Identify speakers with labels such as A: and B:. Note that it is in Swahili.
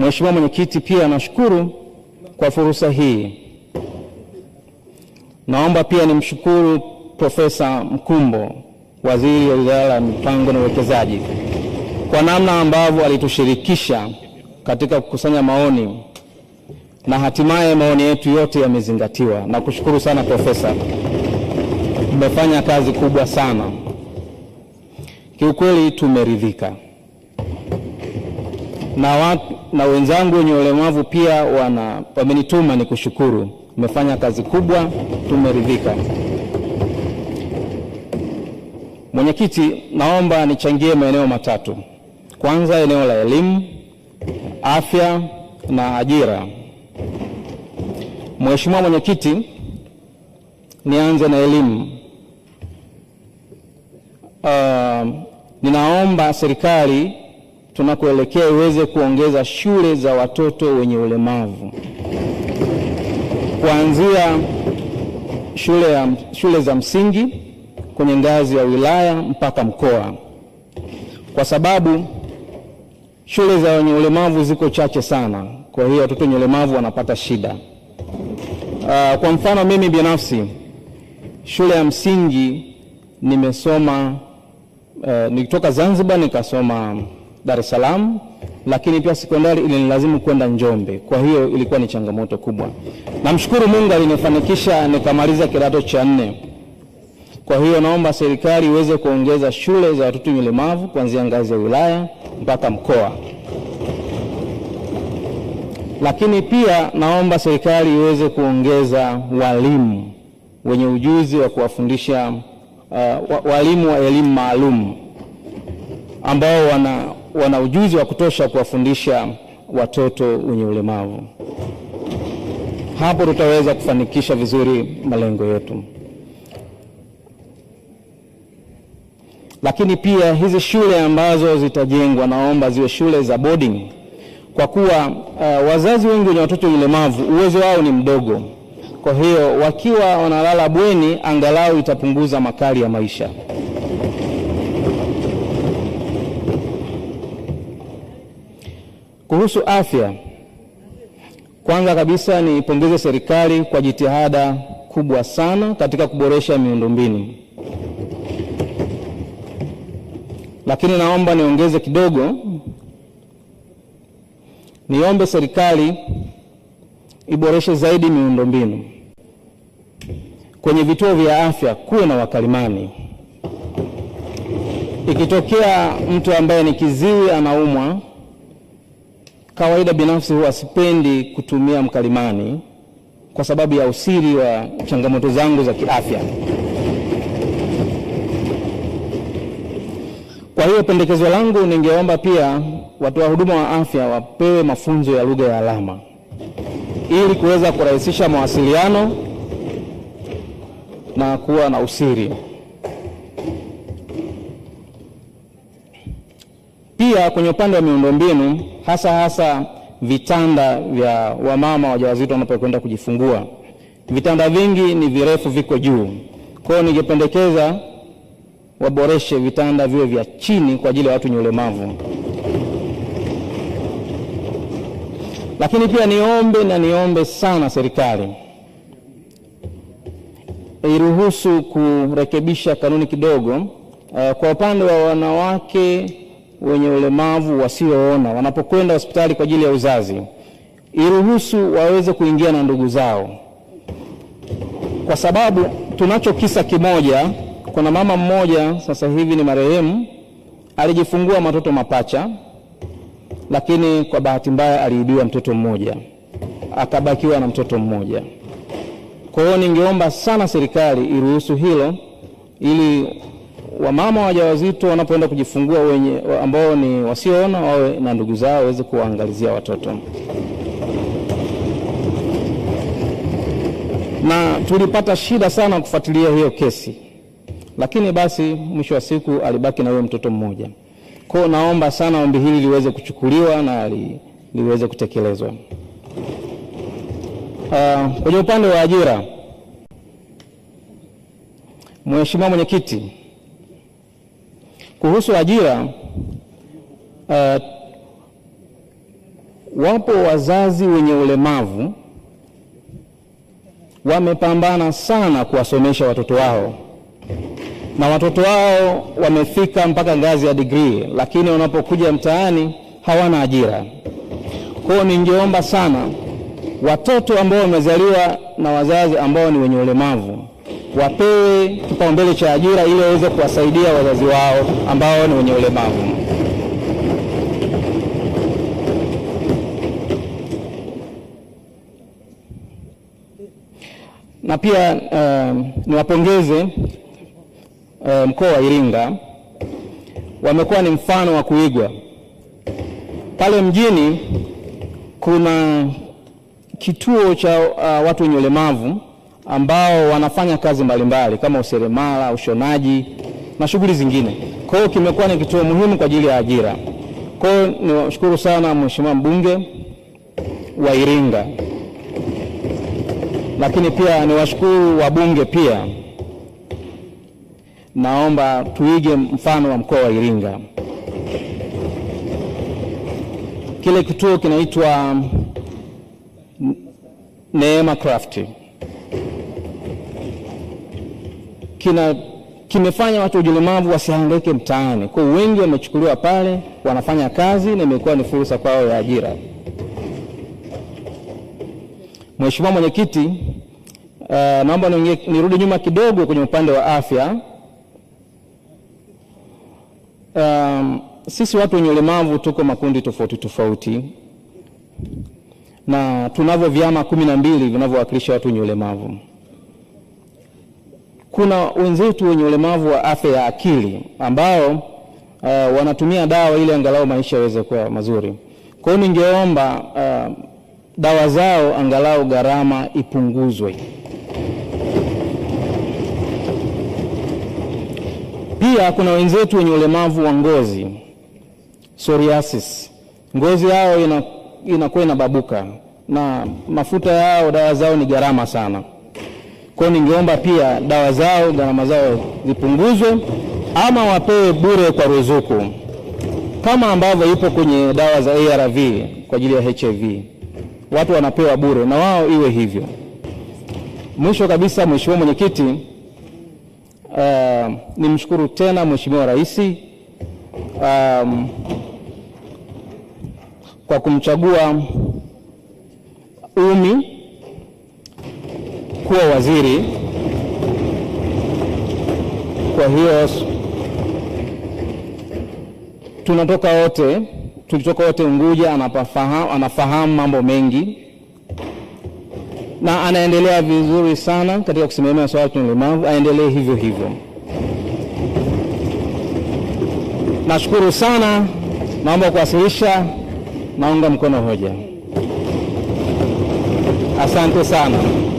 A: Mheshimiwa Mwenyekiti, pia nashukuru kwa fursa hii. Naomba pia nimshukuru Profesa Mkumbo, waziri wa Wizara ya Mipango na Uwekezaji, kwa namna ambavyo alitushirikisha katika kukusanya maoni na hatimaye maoni yetu yote yamezingatiwa. Nakushukuru sana Profesa, mmefanya kazi kubwa sana kiukweli, tumeridhika na watu na wenzangu wenye ulemavu pia wana wamenituma ni kushukuru. Mmefanya kazi kubwa, tumeridhika. Mwenyekiti, naomba nichangie maeneo matatu. Kwanza, eneo la elimu, afya na ajira. Mheshimiwa Mwenyekiti, nianze na elimu. Uh, ninaomba serikali tunakoelekea iweze kuongeza shule za watoto wenye ulemavu kuanzia shule, shule za msingi kwenye ngazi ya wilaya mpaka mkoa, kwa sababu shule za wenye ulemavu ziko chache sana. Kwa hiyo watoto wenye ulemavu wanapata shida. Uh, kwa mfano mimi binafsi shule ya msingi nimesoma uh, eh, nikitoka Zanzibar nikasoma Dar es Salaam, lakini pia sekondari ilinilazimu kwenda Njombe. Kwa hiyo ilikuwa ni changamoto kubwa. Namshukuru Mungu alinifanikisha nikamaliza kidato cha nne. Kwa hiyo naomba serikali iweze kuongeza shule za watoto walemavu kuanzia ngazi ya wilaya mpaka mkoa, lakini pia naomba serikali iweze kuongeza walimu wenye ujuzi wa kuwafundisha uh, walimu wa elimu maalum ambao wana wana ujuzi wa kutosha kuwafundisha watoto wenye ulemavu. Hapo tutaweza kufanikisha vizuri malengo yetu. Lakini pia hizi shule ambazo zitajengwa, naomba ziwe shule za boarding, kwa kuwa uh, wazazi wengi wenye watoto wenye ulemavu uwezo wao ni mdogo. Kwa hiyo wakiwa wanalala bweni, angalau itapunguza makali ya maisha. Kuhusu afya, kwanza kabisa niipongeze serikali kwa jitihada kubwa sana katika kuboresha miundombinu, lakini naomba niongeze kidogo, niombe serikali iboreshe zaidi miundombinu kwenye vituo vya afya, kuwe na wakalimani. Ikitokea mtu ambaye ni kiziwi anaumwa kawaida binafsi huwa sipendi kutumia mkalimani kwa sababu ya usiri wa changamoto zangu za kiafya. Kwa hiyo pendekezo langu, ningeomba pia watoa huduma wa afya wapewe mafunzo ya lugha ya alama ili kuweza kurahisisha mawasiliano na kuwa na usiri. Pia kwenye upande wa miundombinu, hasa hasa vitanda vya wamama wajawazito wanapokwenda kujifungua, vitanda vingi ni virefu, viko juu. Kwa hiyo ningependekeza waboreshe vitanda viwe vya chini kwa ajili ya watu wenye ulemavu. Lakini pia niombe na niombe sana serikali iruhusu kurekebisha kanuni kidogo, uh, kwa upande wa wanawake wenye ulemavu wasioona wanapokwenda hospitali kwa ajili ya uzazi, iruhusu waweze kuingia na ndugu zao, kwa sababu tunacho kisa kimoja. Kuna mama mmoja sasa hivi ni marehemu, alijifungua matoto mapacha, lakini kwa bahati mbaya aliibiwa mtoto mmoja, akabakiwa na mtoto mmoja. Kwa hiyo ningeomba sana serikali iruhusu hilo ili wamama wajawazito wanapoenda kujifungua wenye, ambao ni wasioona wawe na ndugu zao waweze kuwaangalizia watoto. Na tulipata shida sana kufuatilia hiyo kesi, lakini basi mwisho wa siku alibaki na huyo mtoto mmoja. Kwa hiyo naomba sana ombi hili liweze kuchukuliwa na li, liweze kutekelezwa. Uh, kwenye upande wa ajira, Mheshimiwa Mwenyekiti kuhusu ajira uh, wapo wazazi wenye ulemavu wamepambana sana kuwasomesha watoto wao na watoto wao wamefika mpaka ngazi ya digrii, lakini wanapokuja mtaani hawana ajira. Kwa hiyo ningeomba sana watoto ambao wamezaliwa na wazazi ambao ni wenye ulemavu wapewe kipaumbele cha ajira ili waweze kuwasaidia wazazi wao ambao ni wenye ulemavu. Na pia uh, niwapongeze uh, mkoa wa Iringa, wamekuwa ni mfano wa kuigwa. Pale mjini kuna kituo cha uh, watu wenye ulemavu ambao wanafanya kazi mbalimbali mbali, kama useremala, ushonaji na shughuli zingine. Kwa hiyo kimekuwa ni kituo muhimu kwa ajili ya ajira. Kwa hiyo niwashukuru sana Mheshimiwa mbunge wa Iringa, lakini pia niwashukuru wabunge pia. Naomba tuige mfano wa mkoa wa Iringa. Kile kituo kinaitwa Neema Crafting. kina kimefanya watu ulemavu wasihangaike mtaani. Kwa hiyo wengi wamechukuliwa pale, wanafanya kazi na imekuwa ni fursa kwao ya ajira. Mheshimiwa Mwenyekiti, uh, naomba nirudi nyuma kidogo kwenye upande wa afya. Um, sisi watu wenye ulemavu tuko makundi tofauti tofauti na tunavyo vyama kumi na mbili vinavyowakilisha watu wenye ulemavu kuna wenzetu wenye ulemavu wa afya ya akili ambao uh, wanatumia dawa ili angalau maisha yaweze kuwa mazuri. Kwa hiyo ningeomba uh, dawa zao angalau gharama ipunguzwe. Pia kuna wenzetu wenye ulemavu wa ngozi psoriasis, ngozi yao inakuwa inababuka, na mafuta yao, dawa zao ni gharama sana. Kwa hiyo ningeomba pia dawa zao gharama zao zipunguzwe ama wapewe bure kwa ruzuku kama ambavyo ipo kwenye dawa za ARV kwa ajili ya HIV, watu wanapewa bure na wao iwe hivyo. Mwisho kabisa, Mheshimiwa Mwenyekiti, uh, nimshukuru tena Mheshimiwa Rais um, kwa kumchagua Umi kuwa waziri. Kwa hiyo tunatoka wote, tulitoka wote Unguja, anafahamu, anafahamu mambo mengi na anaendelea vizuri sana katika kusimamia swala la ulemavu, aendelee hivyo hivyo. Nashukuru sana, naomba kuwasilisha, naunga mkono hoja. Asante sana.